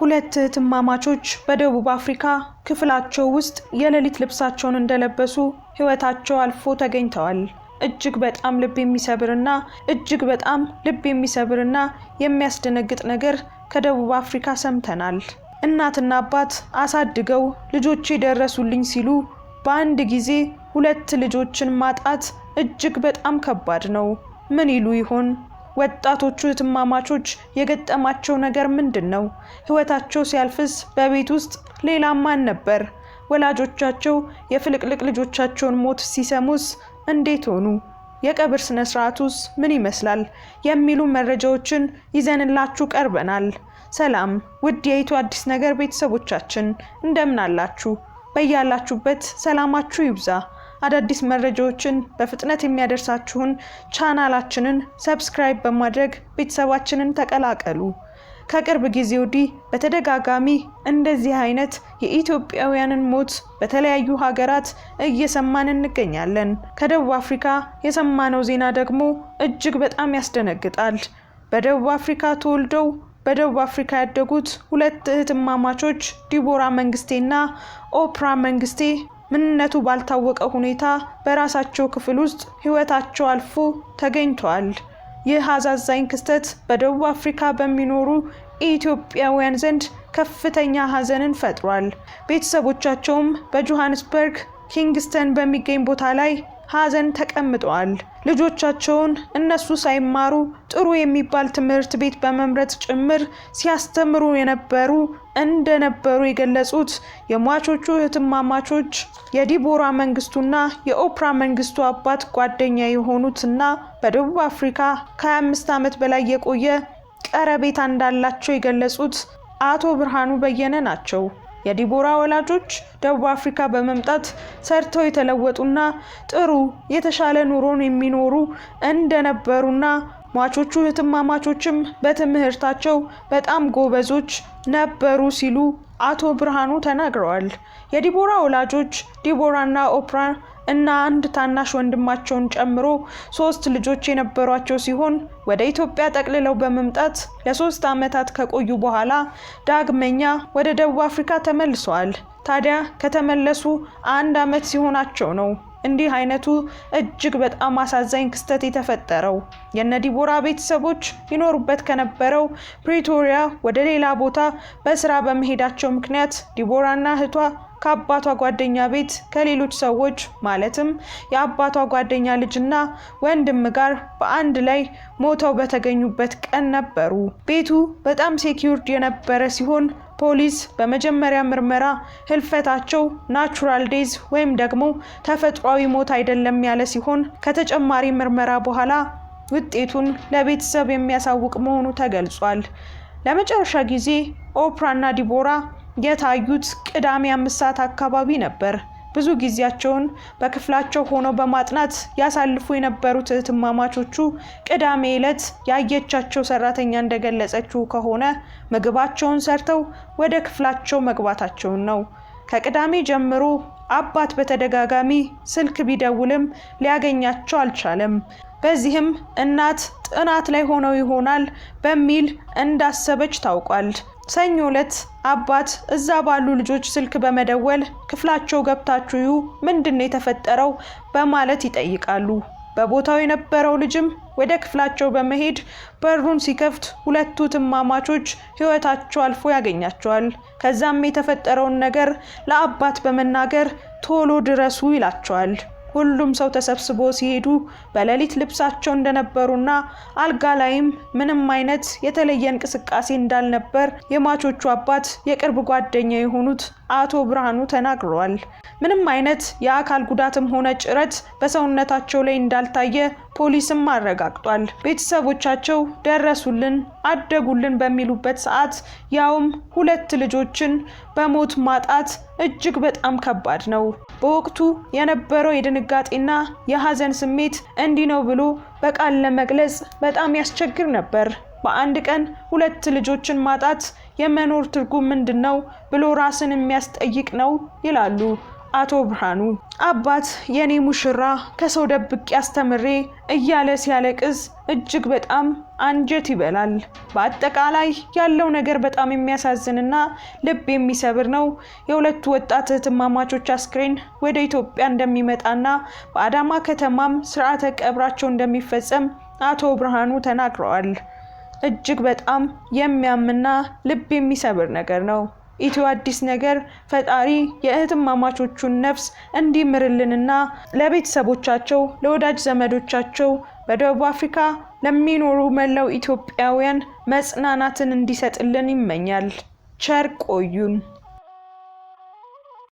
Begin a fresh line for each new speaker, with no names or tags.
ሁለት እህትማማቾች በደቡብ አፍሪካ ክፍላቸው ውስጥ የሌሊት ልብሳቸውን እንደለበሱ ሕይወታቸው አልፎ ተገኝተዋል። እጅግ በጣም ልብ የሚሰብርና እጅግ በጣም ልብ የሚሰብርና የሚያስደነግጥ ነገር ከደቡብ አፍሪካ ሰምተናል። እናትና አባት አሳድገው ልጆቼ ደረሱልኝ ሲሉ በአንድ ጊዜ ሁለት ልጆችን ማጣት እጅግ በጣም ከባድ ነው። ምን ይሉ ይሆን? ወጣቶቹ እህትማማቾች የገጠማቸው ነገር ምንድን ነው? ህይወታቸው ሲያልፍስ በቤት ውስጥ ሌላ ማን ነበር? ወላጆቻቸው የፍልቅልቅ ልጆቻቸውን ሞት ሲሰሙስ እንዴት ሆኑ? የቀብር ስነ ስርዓቱስ ምን ይመስላል? የሚሉ መረጃዎችን ይዘንላችሁ ቀርበናል። ሰላም ውድ የኢትዮ አዲስ ነገር ቤተሰቦቻችን እንደምን አላችሁ? በያላችሁበት ሰላማችሁ ይብዛ። አዳዲስ መረጃዎችን በፍጥነት የሚያደርሳችሁን ቻናላችንን ሰብስክራይብ በማድረግ ቤተሰባችንን ተቀላቀሉ። ከቅርብ ጊዜ ወዲህ በተደጋጋሚ እንደዚህ አይነት የኢትዮጵያውያንን ሞት በተለያዩ ሀገራት እየሰማን እንገኛለን። ከደቡብ አፍሪካ የሰማነው ዜና ደግሞ እጅግ በጣም ያስደነግጣል። በደቡብ አፍሪካ ተወልደው በደቡብ አፍሪካ ያደጉት ሁለት እህትማማቾች ዲቦራ መንግስቴና ኦፕራ መንግስቴ ምንነቱ ባልታወቀ ሁኔታ በራሳቸው ክፍል ውስጥ ሕይወታቸው አልፎ ተገኝተዋል። ይህ አሳዛኝ ክስተት በደቡብ አፍሪካ በሚኖሩ ኢትዮጵያውያን ዘንድ ከፍተኛ ሀዘንን ፈጥሯል። ቤተሰቦቻቸውም በጆሃንስበርግ ኪንግስተን በሚገኝ ቦታ ላይ ሀዘን ተቀምጠዋል። ልጆቻቸውን እነሱ ሳይማሩ ጥሩ የሚባል ትምህርት ቤት በመምረጥ ጭምር ሲያስተምሩ የነበሩ እንደነበሩ የገለጹት የሟቾቹ እህትማማቾች የዲቦራ መንግስቱና የኦፕራ መንግስቱ አባት ጓደኛ የሆኑት እና በደቡብ አፍሪካ ከ25 ዓመት በላይ የቆየ ቀረቤታ እንዳላቸው የገለጹት አቶ ብርሃኑ በየነ ናቸው። የዲቦራ ወላጆች ደቡብ አፍሪካ በመምጣት ሰርተው የተለወጡና ጥሩ የተሻለ ኑሮን የሚኖሩ እንደነበሩና ሟቾቹ እህትማማቾችም በትምህርታቸው በጣም ጎበዞች ነበሩ ሲሉ አቶ ብርሃኑ ተናግረዋል። የዲቦራ ወላጆች ዲቦራና ኦፕራ እና አንድ ታናሽ ወንድማቸውን ጨምሮ ሶስት ልጆች የነበሯቸው ሲሆን ወደ ኢትዮጵያ ጠቅልለው በመምጣት ለሶስት ዓመታት ከቆዩ በኋላ ዳግመኛ ወደ ደቡብ አፍሪካ ተመልሰዋል። ታዲያ ከተመለሱ አንድ ዓመት ሲሆናቸው ነው እንዲህ አይነቱ እጅግ በጣም አሳዛኝ ክስተት የተፈጠረው የነ ዲቦራ ቤተሰቦች ይኖሩበት ከነበረው ፕሪቶሪያ ወደ ሌላ ቦታ በስራ በመሄዳቸው ምክንያት ዲቦራና እህቷ ከአባቷ ጓደኛ ቤት ከሌሎች ሰዎች ማለትም የአባቷ ጓደኛ ልጅና ወንድም ጋር በአንድ ላይ ሞተው በተገኙበት ቀን ነበሩ። ቤቱ በጣም ሴኪውርድ የነበረ ሲሆን ፖሊስ በመጀመሪያ ምርመራ ህልፈታቸው ናቹራል ዴዝ ወይም ደግሞ ተፈጥሯዊ ሞት አይደለም ያለ ሲሆን ከተጨማሪ ምርመራ በኋላ ውጤቱን ለቤተሰብ የሚያሳውቅ መሆኑ ተገልጿል። ለመጨረሻ ጊዜ ኦፕራና ዲቦራ የታዩት ቅዳሜ አምስት ሰዓት አካባቢ ነበር። ብዙ ጊዜያቸውን በክፍላቸው ሆነው በማጥናት ያሳልፉ የነበሩት እህትማማቾቹ ቅዳሜ ዕለት ያየቻቸው ሰራተኛ እንደገለጸችው ከሆነ ምግባቸውን ሰርተው ወደ ክፍላቸው መግባታቸውን ነው። ከቅዳሜ ጀምሮ አባት በተደጋጋሚ ስልክ ቢደውልም ሊያገኛቸው አልቻለም። በዚህም እናት ጥናት ላይ ሆነው ይሆናል በሚል እንዳሰበች ታውቋል። ሰኞ ዕለት አባት እዛ ባሉ ልጆች ስልክ በመደወል ክፍላቸው ገብታችሁ ምንድን ነው የተፈጠረው በማለት ይጠይቃሉ። በቦታው የነበረው ልጅም ወደ ክፍላቸው በመሄድ በሩን ሲከፍት ሁለቱ ትማማቾች ሕይወታቸው አልፎ ያገኛቸዋል። ከዛም የተፈጠረውን ነገር ለአባት በመናገር ቶሎ ድረሱ ይላቸዋል። ሁሉም ሰው ተሰብስቦ ሲሄዱ በሌሊት ልብሳቸው እንደነበሩና አልጋ ላይም ምንም አይነት የተለየ እንቅስቃሴ እንዳልነበር የሟቾቹ አባት የቅርብ ጓደኛ የሆኑት አቶ ብርሃኑ ተናግረዋል። ምንም አይነት የአካል ጉዳትም ሆነ ጭረት በሰውነታቸው ላይ እንዳልታየ ፖሊስም አረጋግጧል። ቤተሰቦቻቸው ደረሱልን፣ አደጉልን በሚሉበት ሰዓት ያውም ሁለት ልጆችን በሞት ማጣት እጅግ በጣም ከባድ ነው። በወቅቱ የነበረው የድንጋጤና የሀዘን ስሜት እንዲህ ነው ብሎ በቃል ለመግለጽ በጣም ያስቸግር ነበር። በአንድ ቀን ሁለት ልጆችን ማጣት የመኖር ትርጉም ምንድን ነው ብሎ ራስን የሚያስጠይቅ ነው ይላሉ አቶ ብርሃኑ። አባት የኔ ሙሽራ ከሰው ደብቄ አስተምሬ እያለ ሲያለቅስ እጅግ በጣም አንጀት ይበላል። በአጠቃላይ ያለው ነገር በጣም የሚያሳዝንና ልብ የሚሰብር ነው። የሁለቱ ወጣት እህትማማቾች አስክሬን ወደ ኢትዮጵያ እንደሚመጣና በአዳማ ከተማም ስርዓተ ቀብራቸው እንደሚፈጸም አቶ ብርሃኑ ተናግረዋል። እጅግ በጣም የሚያምና ልብ የሚሰብር ነገር ነው። ኢትዮ አዲስ ነገር ፈጣሪ የእህትማማቾቹን ነፍስ እንዲምርልንና ለቤተሰቦቻቸው፣ ለወዳጅ ዘመዶቻቸው በደቡብ አፍሪካ ለሚኖሩ መላው ኢትዮጵያውያን መጽናናትን እንዲሰጥልን ይመኛል። ቸር ቆዩን።